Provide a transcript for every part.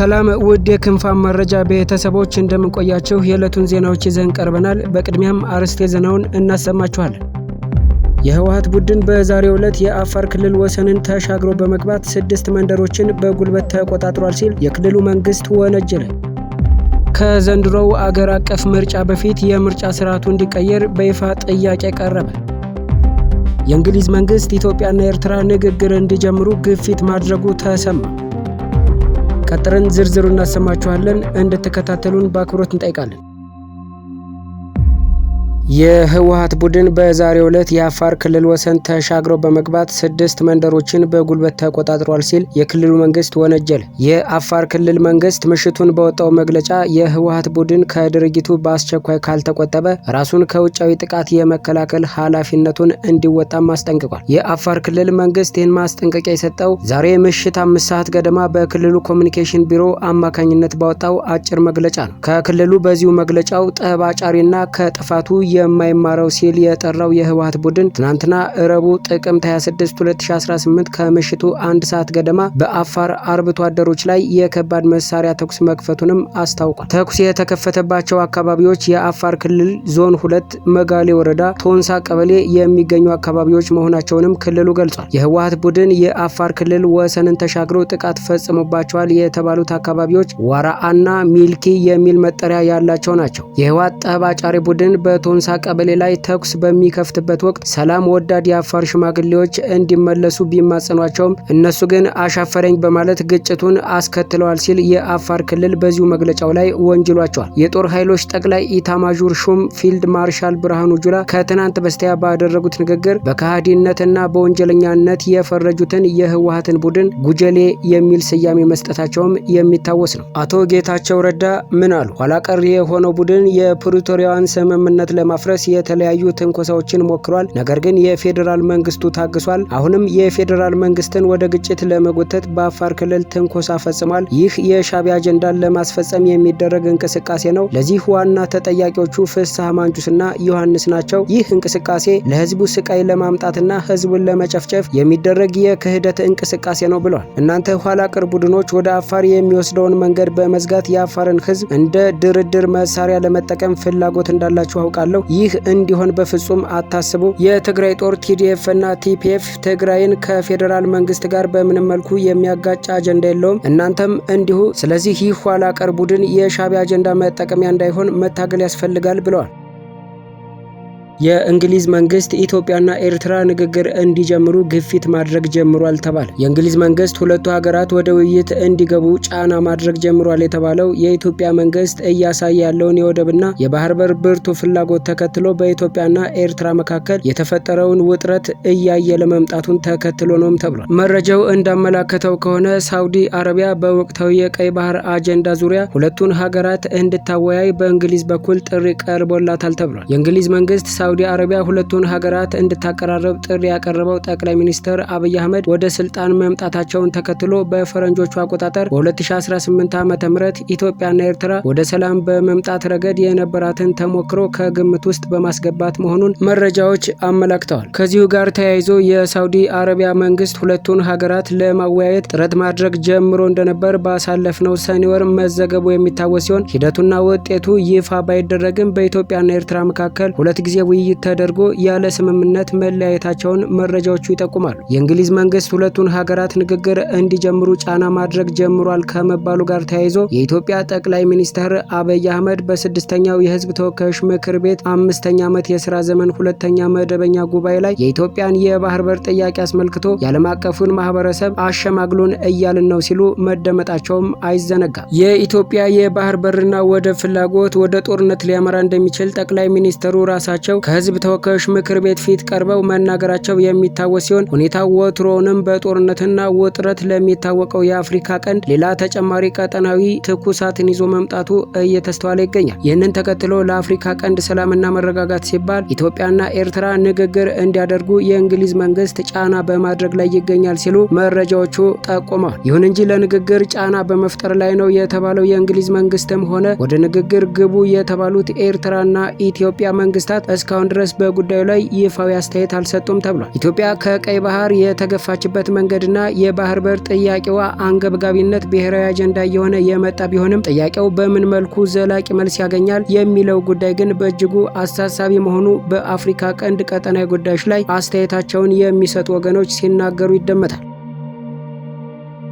ሰላም ውድ የክንፋን መረጃ ቤተሰቦች እንደምንቆያችሁ፣ የዕለቱን ዜናዎች ይዘን ቀርበናል። በቅድሚያም አርዕስተ ዜናውን እናሰማችኋለን። የህወሓት ቡድን በዛሬው ዕለት የአፋር ክልል ወሰንን ተሻግሮ በመግባት ስድስት መንደሮችን በጉልበት ተቆጣጥሯል ሲል የክልሉ መንግስት ወነጀለ። ከዘንድሮው አገር አቀፍ ምርጫ በፊት የምርጫ ስርዓቱ እንዲቀየር በይፋ ጥያቄ ቀረበ። የእንግሊዝ መንግስት ኢትዮጵያና ኤርትራ ንግግር እንዲጀምሩ ግፊት ማድረጉ ተሰማ። ቀጥረን ዝርዝሩ እናሰማችኋለን። እንድትከታተሉን በአክብሮት እንጠይቃለን። የህወሀት ቡድን በዛሬው ዕለት የአፋር ክልል ወሰን ተሻግሮ በመግባት ስድስት መንደሮችን በጉልበት ተቆጣጥሯል ሲል የክልሉ መንግስት ወነጀል። የአፋር ክልል መንግስት ምሽቱን በወጣው መግለጫ የህወሀት ቡድን ከድርጊቱ በአስቸኳይ ካልተቆጠበ ራሱን ከውጫዊ ጥቃት የመከላከል ኃላፊነቱን እንዲወጣም አስጠንቅቋል። የአፋር ክልል መንግስት ይህን ማስጠንቀቂያ የሰጠው ዛሬ ምሽት አምስት ሰዓት ገደማ በክልሉ ኮሚኒኬሽን ቢሮ አማካኝነት ባወጣው አጭር መግለጫ ነው። ከክልሉ በዚሁ መግለጫው ጠባጫሪና ከጥፋቱ የ የማይማረው ሲል የጠራው የህወሀት ቡድን ትናንትና እረቡ ጥቅምት 26 2018 ከምሽቱ አንድ ሰዓት ገደማ በአፋር አርብቶ አደሮች ላይ የከባድ መሳሪያ ተኩስ መክፈቱንም አስታውቋል። ተኩስ የተከፈተባቸው አካባቢዎች የአፋር ክልል ዞን ሁለት መጋሌ ወረዳ ቶንሳ ቀበሌ የሚገኙ አካባቢዎች መሆናቸውንም ክልሉ ገልጿል። የህወሀት ቡድን የአፋር ክልል ወሰንን ተሻግሮ ጥቃት ፈጽሞባቸዋል የተባሉት አካባቢዎች ዋራአና ሚልኪ የሚል መጠሪያ ያላቸው ናቸው። የህወሀት ጠብ አጫሪ ቡድን በቶንሳ ቀበሌ ላይ ተኩስ በሚከፍትበት ወቅት ሰላም ወዳድ የአፋር ሽማግሌዎች እንዲመለሱ ቢማጸኗቸውም እነሱ ግን አሻፈረኝ በማለት ግጭቱን አስከትለዋል ሲል የአፋር ክልል በዚሁ መግለጫው ላይ ወንጅሏቸዋል። የጦር ኃይሎች ጠቅላይ ኢታማዦር ሹም ፊልድ ማርሻል ብርሃኑ ጁላ ከትናንት በስቲያ ባደረጉት ንግግር በከሃዲነትና በወንጀለኛነት የፈረጁትን የህወሀትን ቡድን ጉጀሌ የሚል ስያሜ መስጠታቸውም የሚታወስ ነው። አቶ ጌታቸው ረዳ ምን አሉ? ኋላ ቀር የሆነው ቡድን የፕሪቶሪያዋን ስምምነት ለማ ለማፍረስ የተለያዩ ትንኮሳዎችን ሞክሯል። ነገር ግን የፌዴራል መንግስቱ ታግሷል። አሁንም የፌዴራል መንግስትን ወደ ግጭት ለመጎተት በአፋር ክልል ትንኮሳ ፈጽሟል። ይህ የሻቢያ አጀንዳን ለማስፈጸም የሚደረግ እንቅስቃሴ ነው። ለዚህ ዋና ተጠያቂዎቹ ፍስሐ ማንጁስና ዮሐንስ ናቸው። ይህ እንቅስቃሴ ለህዝቡ ስቃይ ለማምጣትና ህዝቡን ለመጨፍጨፍ የሚደረግ የክህደት እንቅስቃሴ ነው ብሏል። እናንተ ኋላ ቅር ቡድኖች ወደ አፋር የሚወስደውን መንገድ በመዝጋት የአፋርን ህዝብ እንደ ድርድር መሳሪያ ለመጠቀም ፍላጎት እንዳላችሁ አውቃለሁ። ነው። ይህ እንዲሆን በፍጹም አታስቡ። የትግራይ ጦር ቲዲኤፍ እና ቲፒኤፍ ትግራይን ከፌዴራል መንግስት ጋር በምንም መልኩ የሚያጋጭ አጀንዳ የለውም፣ እናንተም እንዲሁ። ስለዚህ ይህ ኋላ ቀር ቡድን የሻቢያ አጀንዳ መጠቀሚያ እንዳይሆን መታገል ያስፈልጋል ብለዋል። የእንግሊዝ መንግስት ኢትዮጵያና ኤርትራ ንግግር እንዲጀምሩ ግፊት ማድረግ ጀምሯል ተባለ። የእንግሊዝ መንግስት ሁለቱ ሀገራት ወደ ውይይት እንዲገቡ ጫና ማድረግ ጀምሯል የተባለው የኢትዮጵያ መንግስት እያሳየ ያለውን የወደብና የባህር በር ብርቱ ፍላጎት ተከትሎ በኢትዮጵያና ኤርትራ መካከል የተፈጠረውን ውጥረት እያየለ መምጣቱን ተከትሎ ነውም ተብሏል። መረጃው እንዳመላከተው ከሆነ ሳውዲ አረቢያ በወቅታዊ የቀይ ባህር አጀንዳ ዙሪያ ሁለቱን ሀገራት እንድታወያይ በእንግሊዝ በኩል ጥሪ ቀርቦላታል ተብሏል። የእንግሊዝ መንግስት ሳዑዲ አረቢያ ሁለቱን ሀገራት እንድታቀራረብ ጥሪ ያቀረበው ጠቅላይ ሚኒስትር አብይ አህመድ ወደ ስልጣን መምጣታቸውን ተከትሎ በፈረንጆቹ አቆጣጠር በ2018 ዓ ም ኢትዮጵያና ኤርትራ ወደ ሰላም በመምጣት ረገድ የነበራትን ተሞክሮ ከግምት ውስጥ በማስገባት መሆኑን መረጃዎች አመላክተዋል። ከዚሁ ጋር ተያይዞ የሳዑዲ አረቢያ መንግስት ሁለቱን ሀገራት ለማወያየት ጥረት ማድረግ ጀምሮ እንደነበር ባሳለፍነው ሰኔ ወር መዘገቡ የሚታወስ ሲሆን ሂደቱና ውጤቱ ይፋ ባይደረግም በኢትዮጵያና ኤርትራ መካከል ሁለት ጊዜ ውይይት ተደርጎ ያለ ስምምነት መለያየታቸውን መረጃዎቹ ይጠቁማሉ። የእንግሊዝ መንግስት ሁለቱን ሀገራት ንግግር እንዲጀምሩ ጫና ማድረግ ጀምሯል ከመባሉ ጋር ተያይዞ የኢትዮጵያ ጠቅላይ ሚኒስትር አብይ አህመድ በስድስተኛው የህዝብ ተወካዮች ምክር ቤት አምስተኛ ዓመት የስራ ዘመን ሁለተኛ መደበኛ ጉባኤ ላይ የኢትዮጵያን የባህር በር ጥያቄ አስመልክቶ የዓለም አቀፉን ማህበረሰብ አሸማግሎን እያልን ነው ሲሉ መደመጣቸውም አይዘነጋም። የኢትዮጵያ የባህር በርና ወደብ ፍላጎት ወደ ጦርነት ሊያመራ እንደሚችል ጠቅላይ ሚኒስትሩ ራሳቸው ከህዝብ ተወካዮች ምክር ቤት ፊት ቀርበው መናገራቸው የሚታወስ ሲሆን ሁኔታው ወትሮውንም በጦርነትና ውጥረት ለሚታወቀው የአፍሪካ ቀንድ ሌላ ተጨማሪ ቀጠናዊ ትኩሳትን ይዞ መምጣቱ እየተስተዋለ ይገኛል። ይህንን ተከትሎ ለአፍሪካ ቀንድ ሰላምና መረጋጋት ሲባል ኢትዮጵያና ኤርትራ ንግግር እንዲያደርጉ የእንግሊዝ መንግስት ጫና በማድረግ ላይ ይገኛል ሲሉ መረጃዎቹ ጠቁመዋል። ይሁን እንጂ ለንግግር ጫና በመፍጠር ላይ ነው የተባለው የእንግሊዝ መንግስትም ሆነ ወደ ንግግር ግቡ የተባሉት ኤርትራና ኢትዮጵያ መንግስታት እስከ እስካሁን ድረስ በጉዳዩ ላይ ይፋዊ አስተያየት አልሰጡም ተብሏል። ኢትዮጵያ ከቀይ ባህር የተገፋችበት መንገድና የባህር በር ጥያቄዋ አንገብጋቢነት ብሔራዊ አጀንዳ እየሆነ የመጣ ቢሆንም ጥያቄው በምን መልኩ ዘላቂ መልስ ያገኛል የሚለው ጉዳይ ግን በእጅጉ አሳሳቢ መሆኑ በአፍሪካ ቀንድ ቀጠናዊ ጉዳዮች ላይ አስተያየታቸውን የሚሰጡ ወገኖች ሲናገሩ ይደመጣል።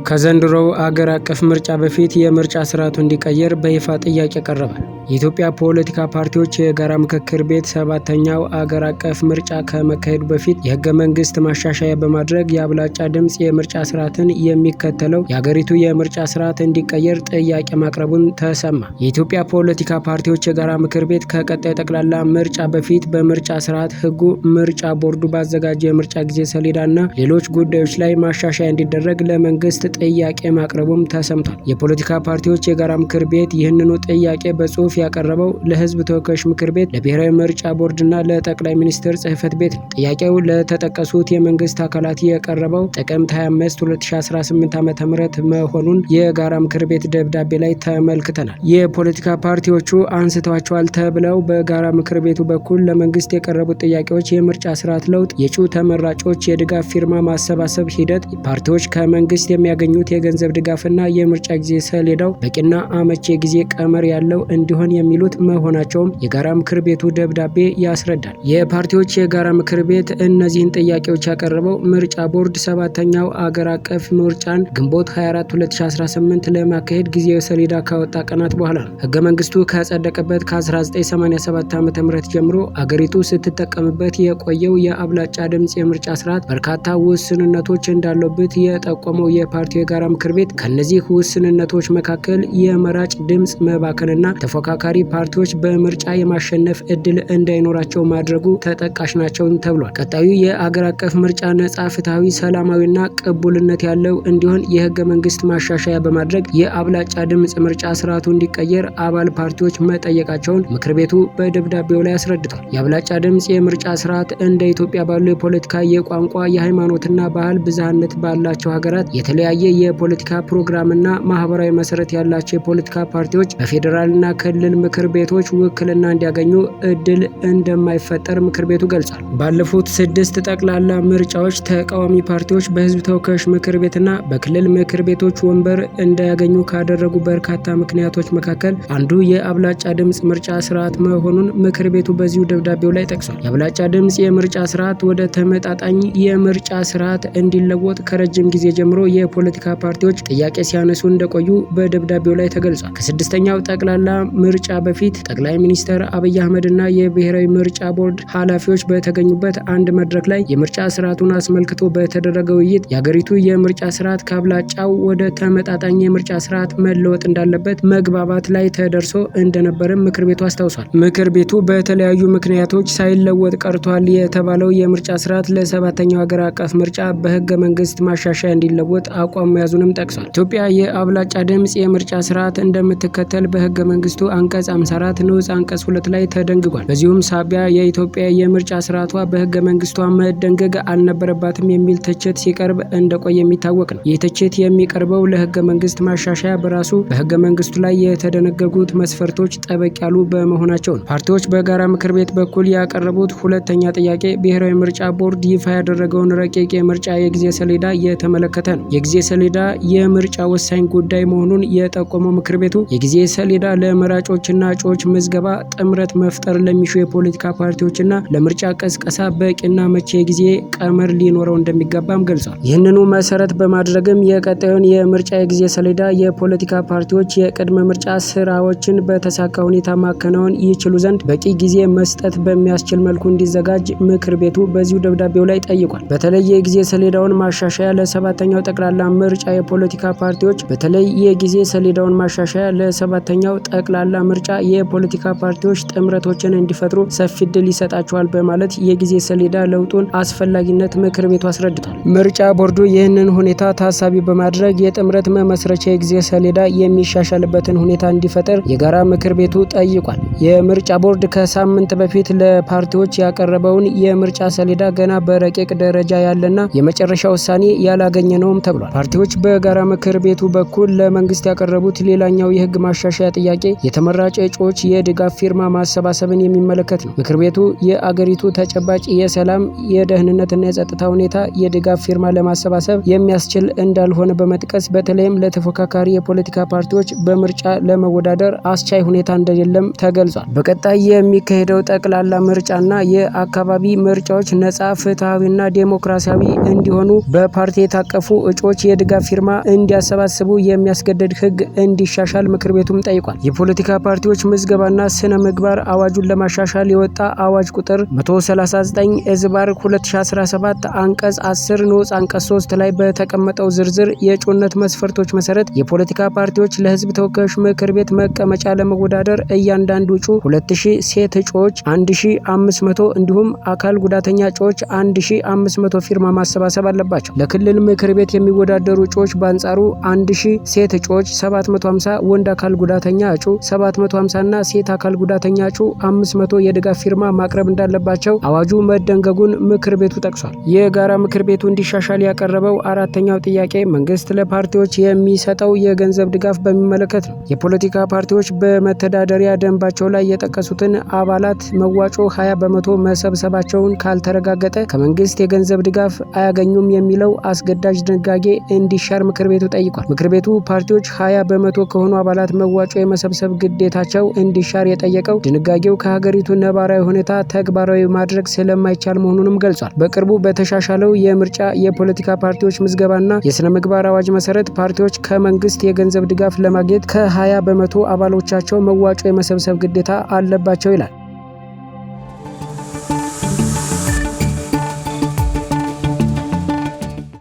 ከዘንድሮው አገር አቀፍ ምርጫ በፊት የምርጫ ስርዓቱ እንዲቀየር በይፋ ጥያቄ ቀረበ። የኢትዮጵያ ፖለቲካ ፓርቲዎች የጋራ ምክክር ቤት ሰባተኛው አገር አቀፍ ምርጫ ከመካሄዱ በፊት የህገ መንግስት ማሻሻያ በማድረግ የአብላጫ ድምፅ የምርጫ ስርዓትን የሚከተለው የአገሪቱ የምርጫ ስርዓት እንዲቀየር ጥያቄ ማቅረቡን ተሰማ። የኢትዮጵያ ፖለቲካ ፓርቲዎች የጋራ ምክር ቤት ከቀጣይ ጠቅላላ ምርጫ በፊት በምርጫ ስርዓት ህጉ፣ ምርጫ ቦርዱ ባዘጋጀው የምርጫ ጊዜ ሰሌዳና ሌሎች ጉዳዮች ላይ ማሻሻያ እንዲደረግ ለመንግስት ጥያቄ ማቅረቡም ተሰምቷል። የፖለቲካ ፓርቲዎች የጋራ ምክር ቤት ይህንኑ ጥያቄ በጽሁፍ ያቀረበው ለህዝብ ተወካዮች ምክር ቤት፣ ለብሔራዊ ምርጫ ቦርድና ለጠቅላይ ሚኒስትር ጽህፈት ቤት ነው። ጥያቄው ለተጠቀሱት የመንግስት አካላት የቀረበው ጥቅምት 25 2018 ዓ ም መሆኑን የጋራ ምክር ቤት ደብዳቤ ላይ ተመልክተናል። የፖለቲካ ፓርቲዎቹ አንስተዋቸዋል ተብለው በጋራ ምክር ቤቱ በኩል ለመንግስት የቀረቡት ጥያቄዎች የምርጫ ስርዓት ለውጥ፣ የጩ ተመራጮች የድጋፍ ፊርማ ማሰባሰብ ሂደት፣ ፓርቲዎች ከመንግስት የሚያ የሚያገኙት የገንዘብ ድጋፍና የምርጫ ጊዜ ሰሌዳው በቂና አመቺ ጊዜ ቀመር ያለው እንዲሆን የሚሉት መሆናቸውም የጋራ ምክር ቤቱ ደብዳቤ ያስረዳል። የፓርቲዎች የጋራ ምክር ቤት እነዚህን ጥያቄዎች ያቀረበው ምርጫ ቦርድ ሰባተኛው አገር አቀፍ ምርጫን ግንቦት 24 2018 ለማካሄድ ጊዜ ሰሌዳ ካወጣ ቀናት በኋላ ነው። ህገ መንግስቱ ከጸደቀበት ከ1987 ዓ ም ጀምሮ አገሪቱ ስትጠቀምበት የቆየው የአብላጫ ድምፅ የምርጫ ስርዓት በርካታ ውስንነቶች እንዳለበት የጠቆመው የፓርቲ የፓርቲው የጋራ ምክር ቤት ከነዚህ ውስንነቶች መካከል የመራጭ ድምፅ መባከንና ተፎካካሪ ፓርቲዎች በምርጫ የማሸነፍ እድል እንዳይኖራቸው ማድረጉ ተጠቃሽ ናቸው ተብሏል። ቀጣዩ የአገር አቀፍ ምርጫ ነጻ፣ ፍትሐዊ፣ ሰላማዊና ቅቡልነት ያለው እንዲሆን የህገ መንግስት ማሻሻያ በማድረግ የአብላጫ ድምፅ ምርጫ ስርዓቱ እንዲቀየር አባል ፓርቲዎች መጠየቃቸውን ምክር ቤቱ በደብዳቤው ላይ አስረድቷል። የአብላጫ ድምፅ የምርጫ ስርዓት እንደ ኢትዮጵያ ባሉ የፖለቲካ፣ የቋንቋ፣ የሃይማኖትና ባህል ብዝሃነት ባላቸው ሀገራት የተለያየ የተለያየ የፖለቲካ ፕሮግራምና ማህበራዊ መሰረት ያላቸው የፖለቲካ ፓርቲዎች በፌዴራልና ክልል ምክር ቤቶች ውክልና እንዲያገኙ እድል እንደማይፈጠር ምክር ቤቱ ገልጿል። ባለፉት ስድስት ጠቅላላ ምርጫዎች ተቃዋሚ ፓርቲዎች በህዝብ ተወካዮች ምክር ቤትና በክልል ምክር ቤቶች ወንበር እንዳያገኙ ካደረጉ በርካታ ምክንያቶች መካከል አንዱ የአብላጫ ድምፅ ምርጫ ስርዓት መሆኑን ምክር ቤቱ በዚሁ ደብዳቤው ላይ ጠቅሷል። የአብላጫ ድምፅ የምርጫ ስርዓት ወደ ተመጣጣኝ የምርጫ ስርዓት እንዲለወጥ ከረጅም ጊዜ ጀምሮ የፖለ የፖለቲካ ፓርቲዎች ጥያቄ ሲያነሱ እንደቆዩ በደብዳቤው ላይ ተገልጿል። ከስድስተኛው ጠቅላላ ምርጫ በፊት ጠቅላይ ሚኒስትር አብይ አህመድና የብሔራዊ ምርጫ ቦርድ ኃላፊዎች በተገኙበት አንድ መድረክ ላይ የምርጫ ስርዓቱን አስመልክቶ በተደረገ ውይይት የአገሪቱ የምርጫ ስርዓት ካብላጫው ወደ ተመጣጣኝ የምርጫ ስርዓት መለወጥ እንዳለበት መግባባት ላይ ተደርሶ እንደነበረም ምክር ቤቱ አስታውሷል። ምክር ቤቱ በተለያዩ ምክንያቶች ሳይለወጥ ቀርቷል የተባለው የምርጫ ስርዓት ለሰባተኛው ሀገር አቀፍ ምርጫ በህገ መንግስት ማሻሻያ እንዲለወጥ አቋ አቋም መያዙንም ጠቅሷል። ኢትዮጵያ የአብላጫ ድምፅ የምርጫ ስርዓት እንደምትከተል በህገ መንግስቱ አንቀጽ 54 ንዑስ አንቀጽ 2 ላይ ተደንግጓል። በዚሁም ሳቢያ የኢትዮጵያ የምርጫ ስርዓቷ በህገ መንግስቷ መደንገግ አልነበረባትም የሚል ትችት ሲቀርብ እንደቆየ የሚታወቅ ነው። ይህ ትችት የሚቀርበው ለህገ መንግስት ማሻሻያ በራሱ በህገ መንግስቱ ላይ የተደነገጉት መስፈርቶች ጠበቅ ያሉ በመሆናቸው ነው። ፓርቲዎች በጋራ ምክር ቤት በኩል ያቀረቡት ሁለተኛ ጥያቄ ብሔራዊ ምርጫ ቦርድ ይፋ ያደረገውን ረቂቅ የምርጫ የጊዜ ሰሌዳ የተመለከተ ነው። የጊዜ ሰሌዳ የምርጫ ወሳኝ ጉዳይ መሆኑን የጠቆመው ምክር ቤቱ የጊዜ ሰሌዳ ለመራጮችና እጩዎች ምዝገባ ጥምረት መፍጠር ለሚሹ የፖለቲካ ፓርቲዎችና ለምርጫ ቀስቀሳ በቂና መቼ ጊዜ ቀመር ሊኖረው እንደሚገባም ገልጿል። ይህንኑ መሰረት በማድረግም የቀጣዩን የምርጫ የጊዜ ሰሌዳ የፖለቲካ ፓርቲዎች የቅድመ ምርጫ ስራዎችን በተሳካ ሁኔታ ማከናወን ይችሉ ዘንድ በቂ ጊዜ መስጠት በሚያስችል መልኩ እንዲዘጋጅ ምክር ቤቱ በዚሁ ደብዳቤው ላይ ጠይቋል። በተለይ የጊዜ ሰሌዳውን ማሻሻያ ለሰባተኛው ጠቅላላ ምርጫ የፖለቲካ ፓርቲዎች በተለይ የጊዜ ሰሌዳውን ማሻሻያ ለሰባተኛው ጠቅላላ ምርጫ የፖለቲካ ፓርቲዎች ጥምረቶችን እንዲፈጥሩ ሰፊ እድል ይሰጣቸዋል በማለት የጊዜ ሰሌዳ ለውጡን አስፈላጊነት ምክር ቤቱ አስረድቷል። ምርጫ ቦርዱ ይህንን ሁኔታ ታሳቢ በማድረግ የጥምረት መመስረቻ የጊዜ ሰሌዳ የሚሻሻልበትን ሁኔታ እንዲፈጠር የጋራ ምክር ቤቱ ጠይቋል። የምርጫ ቦርድ ከሳምንት በፊት ለፓርቲዎች ያቀረበውን የምርጫ ሰሌዳ ገና በረቂቅ ደረጃ ያለና የመጨረሻ ውሳኔ ያላገኘ ነውም ተብሏል። ፓርቲዎች በጋራ ምክር ቤቱ በኩል ለመንግስት ያቀረቡት ሌላኛው የህግ ማሻሻያ ጥያቄ የተመራጭ እጩዎች የድጋፍ ፊርማ ማሰባሰብን የሚመለከት ነው። ምክር ቤቱ የአገሪቱ ተጨባጭ የሰላም የደህንነትና የጸጥታ ሁኔታ የድጋፍ ፊርማ ለማሰባሰብ የሚያስችል እንዳልሆነ በመጥቀስ በተለይም ለተፎካካሪ የፖለቲካ ፓርቲዎች በምርጫ ለመወዳደር አስቻይ ሁኔታ እንደሌለም ተገልጿል። በቀጣይ የሚካሄደው ጠቅላላ ምርጫና የአካባቢ ምርጫዎች ነጻ፣ ፍትሐዊና ዴሞክራሲያዊ እንዲሆኑ በፓርቲ የታቀፉ እጩዎች የድጋፍ ፊርማ እንዲያሰባስቡ የሚያስገድድ ህግ እንዲሻሻል ምክር ቤቱም ጠይቋል። የፖለቲካ ፓርቲዎች ምዝገባና ስነ ምግባር አዋጁን ለማሻሻል የወጣ አዋጅ ቁጥር 139 ኤዝባር 2017 አንቀጽ 10 ንዑስ አንቀጽ 3 ላይ በተቀመጠው ዝርዝር የእጩነት መስፈርቶች መሰረት የፖለቲካ ፓርቲዎች ለህዝብ ተወካዮች ምክር ቤት መቀመጫ ለመወዳደር እያንዳንዱ እጩ 2000 ሴት እጩዎች 1500 እንዲሁም አካል ጉዳተኛ እጩዎች 1500 ፊርማ ማሰባሰብ አለባቸው። ለክልል ምክር ቤት የሚወዳ የሚወዳደሩ እጩዎች በአንጻሩ 1000 ሴት እጩዎች፣ 750 ወንድ አካል ጉዳተኛ እጩ፣ 750 እና ሴት አካል ጉዳተኛ እጩ 500 የድጋፍ ፊርማ ማቅረብ እንዳለባቸው አዋጁ መደንገጉን ምክር ቤቱ ጠቅሷል። የጋራ ምክር ቤቱ እንዲሻሻል ያቀረበው አራተኛው ጥያቄ መንግስት ለፓርቲዎች የሚሰጠው የገንዘብ ድጋፍ በሚመለከት ነው። የፖለቲካ ፓርቲዎች በመተዳደሪያ ደንባቸው ላይ የጠቀሱትን አባላት መዋጮ 20 በመቶ መሰብሰባቸውን ካልተረጋገጠ ከመንግስት የገንዘብ ድጋፍ አያገኙም የሚለው አስገዳጅ ድንጋጌ እንዲሻር ምክር ቤቱ ጠይቋል። ምክር ቤቱ ፓርቲዎች ሀያ በመቶ ከሆኑ አባላት መዋጮ የመሰብሰብ ግዴታቸው እንዲሻር የጠየቀው ድንጋጌው ከሀገሪቱ ነባራዊ ሁኔታ ተግባራዊ ማድረግ ስለማይቻል መሆኑንም ገልጿል። በቅርቡ በተሻሻለው የምርጫ የፖለቲካ ፓርቲዎች ምዝገባና የስነ ምግባር አዋጅ መሰረት ፓርቲዎች ከመንግስት የገንዘብ ድጋፍ ለማግኘት ከሀያ በመቶ አባሎቻቸው መዋጮ የመሰብሰብ ግዴታ አለባቸው ይላል።